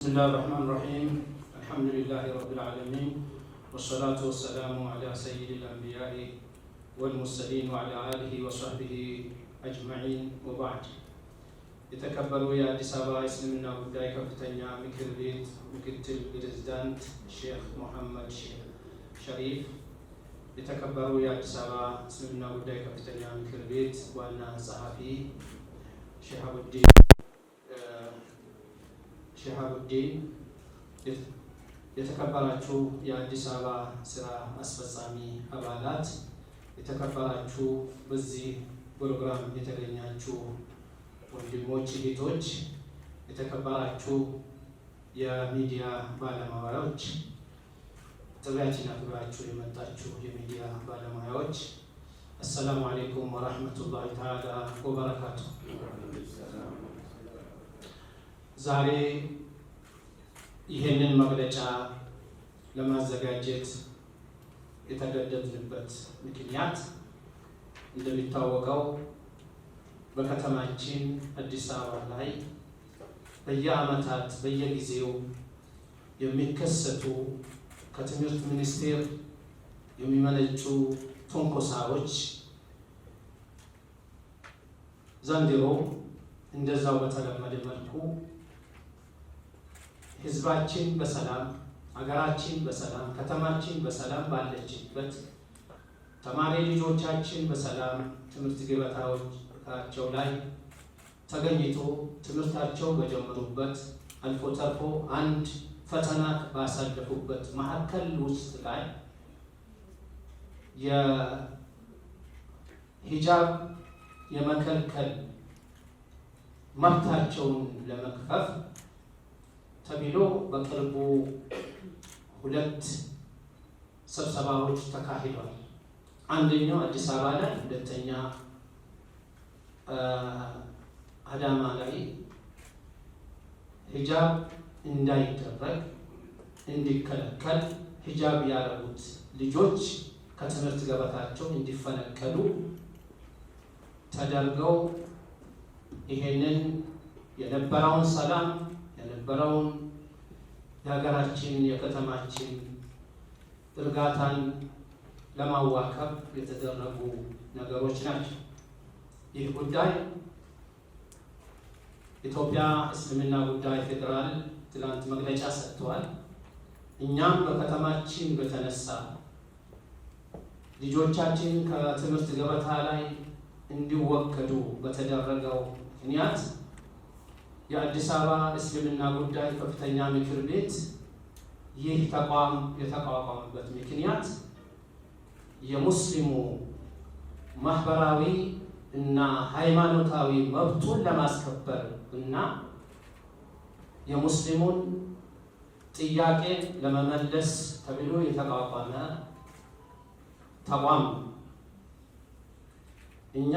بسم الله الرحمن الرحيم الحمد لله رب العالمين والصلاة والسلام على سيد الأنبياء والمرسلين وعلى آله وصحبه أجمعين وبعد የተከበሩ የአዲስ አበባ እስልምና ጉዳይ ከፍተኛ ምክር ቤት ምክትል ፕሬዝዳንት ሼክ ሙሐመድ ሸሪፍ የተከበሩ የአዲስ አበባ እስልምና ጉዳይ ከፍተኛ ምክር وأنا صحفي ጸሐፊ أبو الدين ሺሃቡዲን የተከበራችሁ የአዲስ አበባ ስራ አስፈጻሚ አባላት፣ የተከበራችሁ በዚህ ፕሮግራም የተገኛችሁ ወንድሞች እህቶች፣ የተከበራችሁ የሚዲያ ባለሙያዎች፣ ጥሪያችን አክብራችሁ የመጣችሁ የሚዲያ ባለሙያዎች አሰላሙ አሌይኩም ወረህመቱላሂ ተዓላ ወበረካቱ። ዛሬ ይህንን መግለጫ ለማዘጋጀት የተገደድንበት ምክንያት እንደሚታወቀው በከተማችን አዲስ አበባ ላይ በየዓመታት በየጊዜው የሚከሰቱ ከትምህርት ሚኒስቴር የሚመነጩ ትንኮሳዎች ዘንድሮ እንደዛው በተለመደ መልኩ ህዝባችን በሰላም ሀገራችን በሰላም ከተማችን በሰላም ባለችበት ተማሪ ልጆቻችን በሰላም ትምህርት ገበታዎቻቸው ላይ ተገኝቶ ትምህርታቸው በጀመሩበት አልፎ ተርፎ አንድ ፈተና ባሳለፉበት ማዕከል ውስጥ ላይ የሂጃብ የመከልከል መብታቸውን ለመክፈፍ ተብሎ በቅርቡ ሁለት ስብሰባዎች ተካሂዷል። አንደኛው አዲስ አበባ ላይ፣ ሁለተኛ አዳማ ላይ ሂጃብ እንዳይደረግ እንዲከለከል ሂጃብ ያደረጉት ልጆች ከትምህርት ገበታቸው እንዲፈነከሉ ተደርገው ይሄንን የነበረውን ሰላም የነበረውን የሀገራችን የከተማችን ጥርጋታን ለማዋከብ የተደረጉ ነገሮች ናቸው። ይህ ጉዳይ ኢትዮጵያ እስልምና ጉዳይ ፌዴራል ትላንት መግለጫ ሰጥተዋል። እኛም በከተማችን በተነሳ ልጆቻችን ከትምህርት ገበታ ላይ እንዲወከዱ በተደረገው ምክንያት የአዲስ አበባ እስልምና ጉዳይ ከፍተኛ ምክር ቤት ይህ ተቋም የተቋቋመበት ምክንያት የሙስሊሙ ማህበራዊ እና ሃይማኖታዊ መብቱን ለማስከበር እና የሙስሊሙን ጥያቄ ለመመለስ ተብሎ የተቋቋመ ተቋም እኛ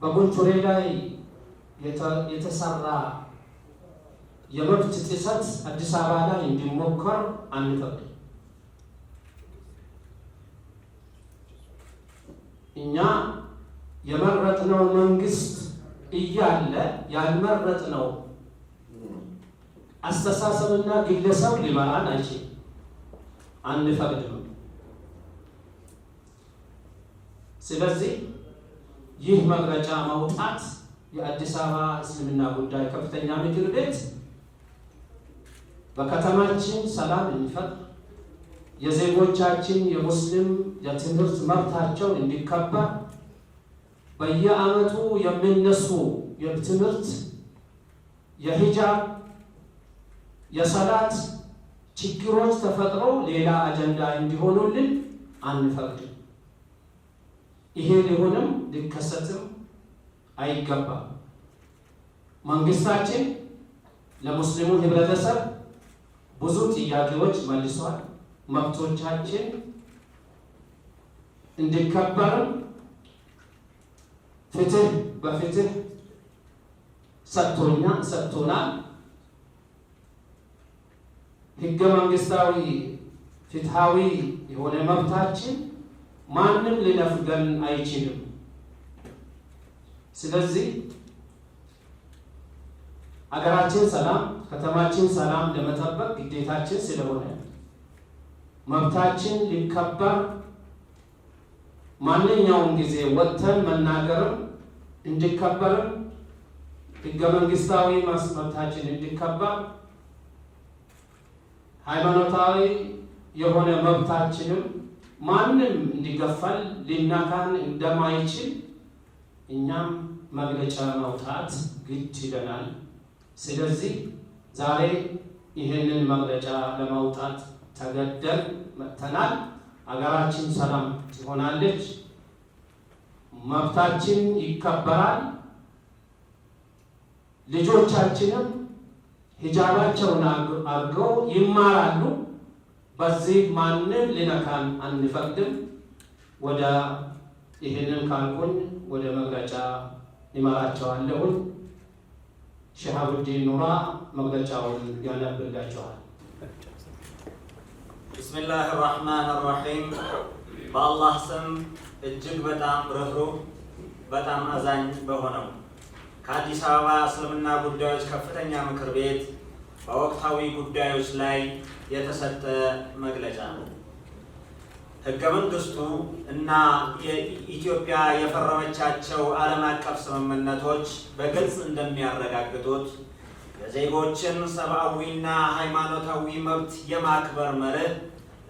በቦንቾሬ ላይ የተሰራ የመብት ጥሰት አዲስ አበባ ላይ እንዲሞከር አንፈቅድም። እኛ የመረጥነው መንግስት እያለ ያልመረጥነው አስተሳሰብና ግለሰብ ሊመራን አይችልም፣ አንፈቅድም። ስለዚህ ይህ መግለጫ መውጣት የአዲስ አበባ እስልምና ጉዳይ ከፍተኛ ምክር ቤት በከተማችን ሰላም እንዲፈጥር የዜጎቻችን የሙስሊም የትምህርት መብታቸው እንዲከበር በየዓመቱ የሚነሱ የትምህርት የሂጃብ የሰላት ችግሮች ተፈጥሮ ሌላ አጀንዳ እንዲሆኑልን አንፈቅድም። ይሄ ሊሆንም ሊከሰትም አይገባም። መንግስታችን ለሙስሊሙ ህብረተሰብ ብዙ ጥያቄዎች መልሷል። መብቶቻችን እንዲከበርም ፍትህ በፍትህ ሰጥቶኛ ሰጥቶናል። ህገ መንግስታዊ ፍትሃዊ የሆነ መብታችን ማንም ሊነፍገን አይችልም። ስለዚህ አገራችን ሰላም፣ ከተማችን ሰላም ለመጠበቅ ግዴታችን ስለሆነ መብታችን ሊከበር ማንኛውም ጊዜ ወጥተን መናገርም እንዲከበርም ህገ መንግስታዊ መብታችን እንዲከበር ሃይማኖታዊ የሆነ መብታችንም ማንም እንዲገፋል ሊነካን እንደማይችል እኛም መግለጫ መውጣት ግድ ይለናል። ስለዚህ ዛሬ ይህንን መግለጫ ለመውጣት ተገደል መጥተናል። ሀገራችን ሰላም ትሆናለች፣ መብታችን ይከበራል፣ ልጆቻችንም ሂጃባቸውን አድርገው ይማራሉ። በዚህ ማንም ሊነካን አንፈቅድም። ወደ ይህንን ካልኩኝ ወደ መግለጫ ይመራቸዋለሁኝ። ሸሃቡዲን ኑራ መግለጫውን ያነብላቸዋል። ብስሚላህ ራህማን ራሒም። በአላህ ስም እጅግ በጣም ርኅሩህ በጣም አዛኝ በሆነው ከአዲስ አበባ እስልምና ጉዳዮች ከፍተኛ ምክር ቤት በወቅታዊ ጉዳዮች ላይ የተሰጠ መግለጫ ነው። ሕገ መንግስቱ እና የኢትዮጵያ የፈረመቻቸው ዓለም አቀፍ ስምምነቶች በግልጽ እንደሚያረጋግጡት የዜጎችን ሰብአዊና ሃይማኖታዊ መብት የማክበር መርህ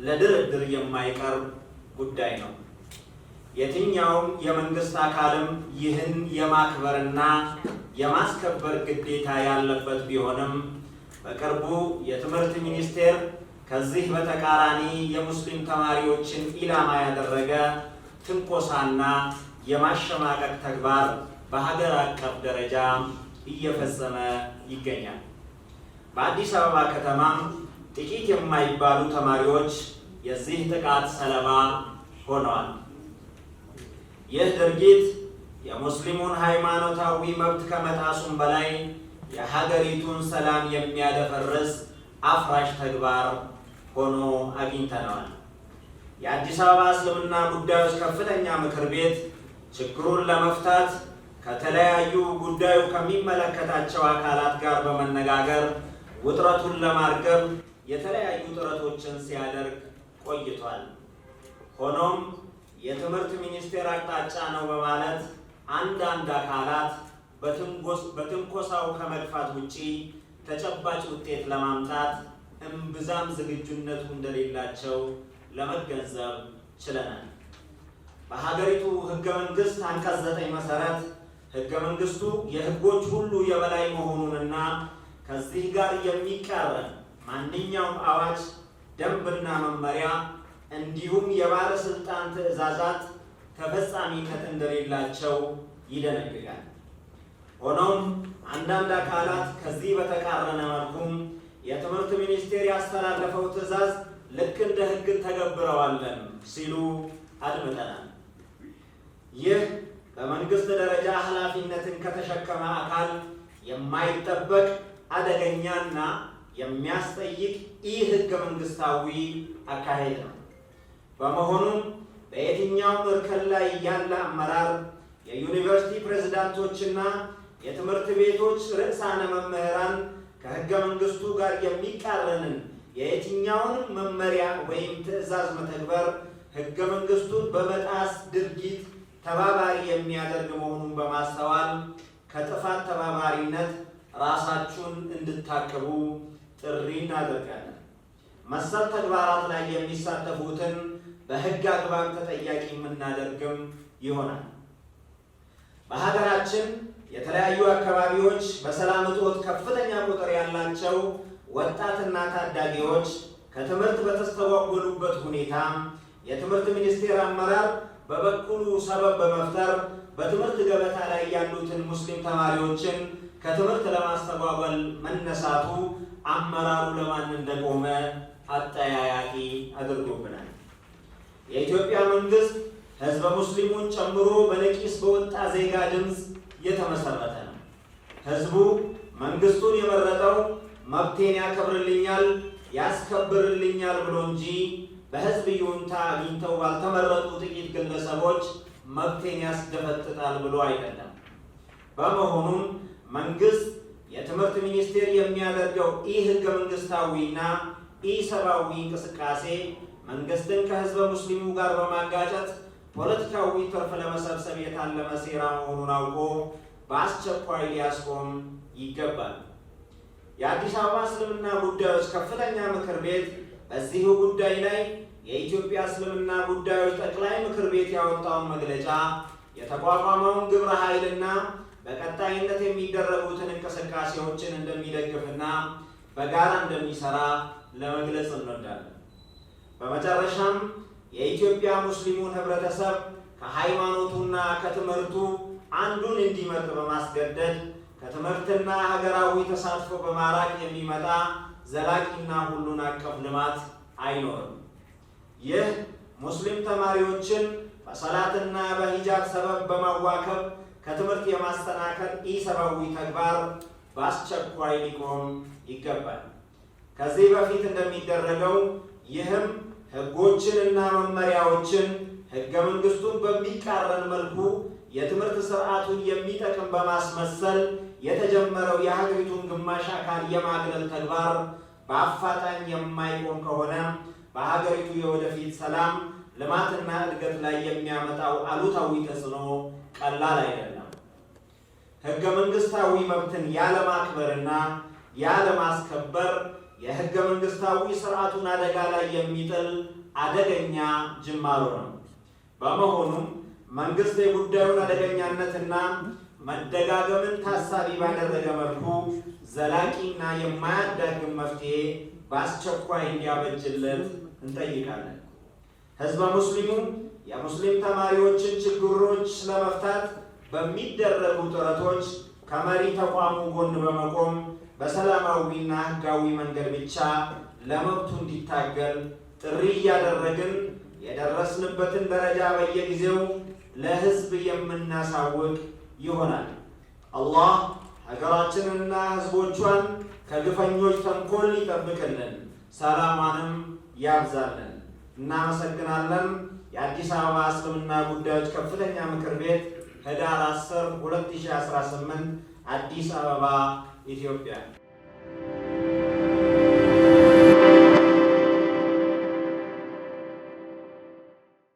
ለድርድር የማይቀርብ ጉዳይ ነው። የትኛውም የመንግስት አካልም ይህን የማክበርና የማስከበር ግዴታ ያለበት ቢሆንም በቅርቡ የትምህርት ሚኒስቴር ከዚህ በተቃራኒ የሙስሊም ተማሪዎችን ኢላማ ያደረገ ትንኮሳና የማሸማቀቅ ተግባር በሀገር አቀፍ ደረጃ እየፈጸመ ይገኛል። በአዲስ አበባ ከተማም ጥቂት የማይባሉ ተማሪዎች የዚህ ጥቃት ሰለባ ሆነዋል። ይህ ድርጊት የሙስሊሙን ሃይማኖታዊ መብት ከመጣሱም በላይ የሀገሪቱን ሰላም የሚያደፈርስ አፍራሽ ተግባር ሆኖ አግኝተነዋል። የአዲስ አበባ እስልምና ጉዳዮች ከፍተኛ ምክር ቤት ችግሩን ለመፍታት ከተለያዩ ጉዳዩ ከሚመለከታቸው አካላት ጋር በመነጋገር ውጥረቱን ለማርገብ የተለያዩ ጥረቶችን ሲያደርግ ቆይቷል። ሆኖም የትምህርት ሚኒስቴር አቅጣጫ ነው በማለት አንዳንድ አካላት በትንኮሳው ከመግፋት ውጪ ተጨባጭ ውጤት ለማምጣት እምብዛም ዝግጁነቱ እንደሌላቸው ለመገንዘብ ችለናል። በሀገሪቱ ህገ መንግስት አንቀጽ ዘጠኝ መሰረት ህገ መንግስቱ የህጎች ሁሉ የበላይ መሆኑንና ከዚህ ጋር የሚቀረን ማንኛውም አዋጅ፣ ደንብና መመሪያ እንዲሁም የባለስልጣን ትዕዛዛት ተፈጻሚነት እንደሌላቸው ይደነግጋል። ሆኖም አንዳንድ አካላት ከዚህ በተቃረነ መልኩም የትምህርት ሚኒስቴር ያስተላለፈው ትዕዛዝ ልክ እንደ ሕግ ተገብረዋለን ሲሉ አድምጠናል። ይህ በመንግስት ደረጃ ኃላፊነትን ከተሸከመ አካል የማይጠበቅ አደገኛና የሚያስጠይቅ ይህ ህገ መንግስታዊ አካሄድ ነው። በመሆኑም በየትኛውም እርከን ላይ ያለ አመራር የዩኒቨርሲቲ ፕሬዝዳንቶችና የትምህርት ቤቶች ርዕሳነ መምህራን ከህገ መንግስቱ ጋር የሚቃረንን የየትኛውን መመሪያ ወይም ትዕዛዝ መተግበር ህገ መንግሥቱን በመጣስ ድርጊት ተባባሪ የሚያደርግ መሆኑን በማስተዋል ከጥፋት ተባባሪነት ራሳችሁን እንድታቅቡ ጥሪ እናደርጋለን። መሰል ተግባራት ላይ የሚሳተፉትን በህግ አግባብ ተጠያቂ የምናደርግም ይሆናል። በሀገራችን የተለያዩ አካባቢዎች በሰላም እጦት ከፍተኛ ቁጥር ያላቸው ወጣትና ታዳጊዎች ከትምህርት በተስተጓጎሉበት ሁኔታ የትምህርት ሚኒስቴር አመራር በበኩሉ ሰበብ በመፍጠር በትምህርት ገበታ ላይ ያሉትን ሙስሊም ተማሪዎችን ከትምህርት ለማስተጓጎል መነሳቱ አመራሩ ለማን እንደቆመ አጠያያቂ አድርጎብናል። የኢትዮጵያ መንግስት ህዝበ ሙስሊሙን ጨምሮ በነቂስ በወጣ ዜጋ ድምፅ የተመሰረተ ነው። ህዝቡ መንግስቱን የመረጠው መብቴን ያከብርልኛል፣ ያስከብርልኛል ብሎ እንጂ በህዝብ ይሁንታ አግኝተው ባልተመረጡ ጥቂት ግለሰቦች መብቴን ያስደፈጥጣል ብሎ አይደለም። በመሆኑም መንግስት የትምህርት ሚኒስቴር የሚያደርገው ኢ ህገ መንግስታዊና ኢ ሰብአዊ እንቅስቃሴ መንግስትን ከህዝበ ሙስሊሙ ጋር በማጋጨት ፖለቲካዊ ትርፍ ለመሰብሰብ የታለመ ሴራ መሆኑን አውቆ በአስቸኳይ ሊያስቆም ይገባል። የአዲስ አበባ እስልምና ጉዳዮች ከፍተኛ ምክር ቤት በዚሁ ጉዳይ ላይ የኢትዮጵያ እስልምና ጉዳዮች ጠቅላይ ምክር ቤት ያወጣውን መግለጫ የተቋቋመውን ግብረ ኃይልና በቀጣይነት የሚደረጉትን እንቅስቃሴዎችን እንደሚደግፍና በጋራ እንደሚሰራ ለመግለጽ እንወዳለን። በመጨረሻም የኢትዮጵያ ሙስሊሙን ህብረተሰብ ከሃይማኖቱና ከትምህርቱ አንዱን እንዲመርጥ በማስገደድ ከትምህርትና ሀገራዊ ተሳትፎ በማራቅ የሚመጣ ዘላቂና ሁሉን አቀፍ ልማት አይኖርም። ይህ ሙስሊም ተማሪዎችን በሰላትና በሂጃብ ሰበብ በማዋከብ ከትምህርት የማስተናከል ኢሰብአዊ ተግባር በአስቸኳይ ሊቆም ይገባል። ከዚህ በፊት እንደሚደረገው ይህም ህጎችንና መመሪያዎችን ህገ መንግስቱን በሚቃረን መልኩ የትምህርት ስርዓቱን የሚጠቅም በማስመሰል የተጀመረው የሀገሪቱን ግማሽ አካል የማግለል ተግባር በአፋጣኝ የማይቆም ከሆነ በሀገሪቱ የወደፊት ሰላም ልማትና እድገት ላይ የሚያመጣው አሉታዊ ተጽዕኖ ቀላል አይደለም። ህገ መንግስታዊ መብትን ያለማክበርና ያለማስከበር የህገ መንግስታዊ ስርዓቱን አደጋ ላይ የሚጥል አደገኛ ጅማሮ ነው። በመሆኑም መንግስት የጉዳዩን አደገኛነትና መደጋገምን ታሳቢ ባደረገ መልኩ ዘላቂና የማያዳግም መፍትሄ በአስቸኳይ እንዲያበጅልን እንጠይቃለን። ህዝበ ሙስሊሙ የሙስሊም ተማሪዎችን ችግሮች ለመፍታት በሚደረጉ ጥረቶች ከመሪ ተቋሙ ጎን በመቆም በሰላማዊና ሕጋዊ መንገድ ብቻ ለመብቱ እንዲታገል ጥሪ እያደረግን የደረስንበትን ደረጃ በየጊዜው ለሕዝብ የምናሳውቅ ይሆናል። አላህ ሀገራችንንና ሕዝቦቿን ከግፈኞች ተንኮል ይጠብቅልን፣ ሰላሟንም ያብዛልን። እናመሰግናለን። የአዲስ አበባ እስልምና ጉዳዮች ከፍተኛ ምክር ቤት ህዳር 10 2018 አዲስ አበባ ኢትዮጵያ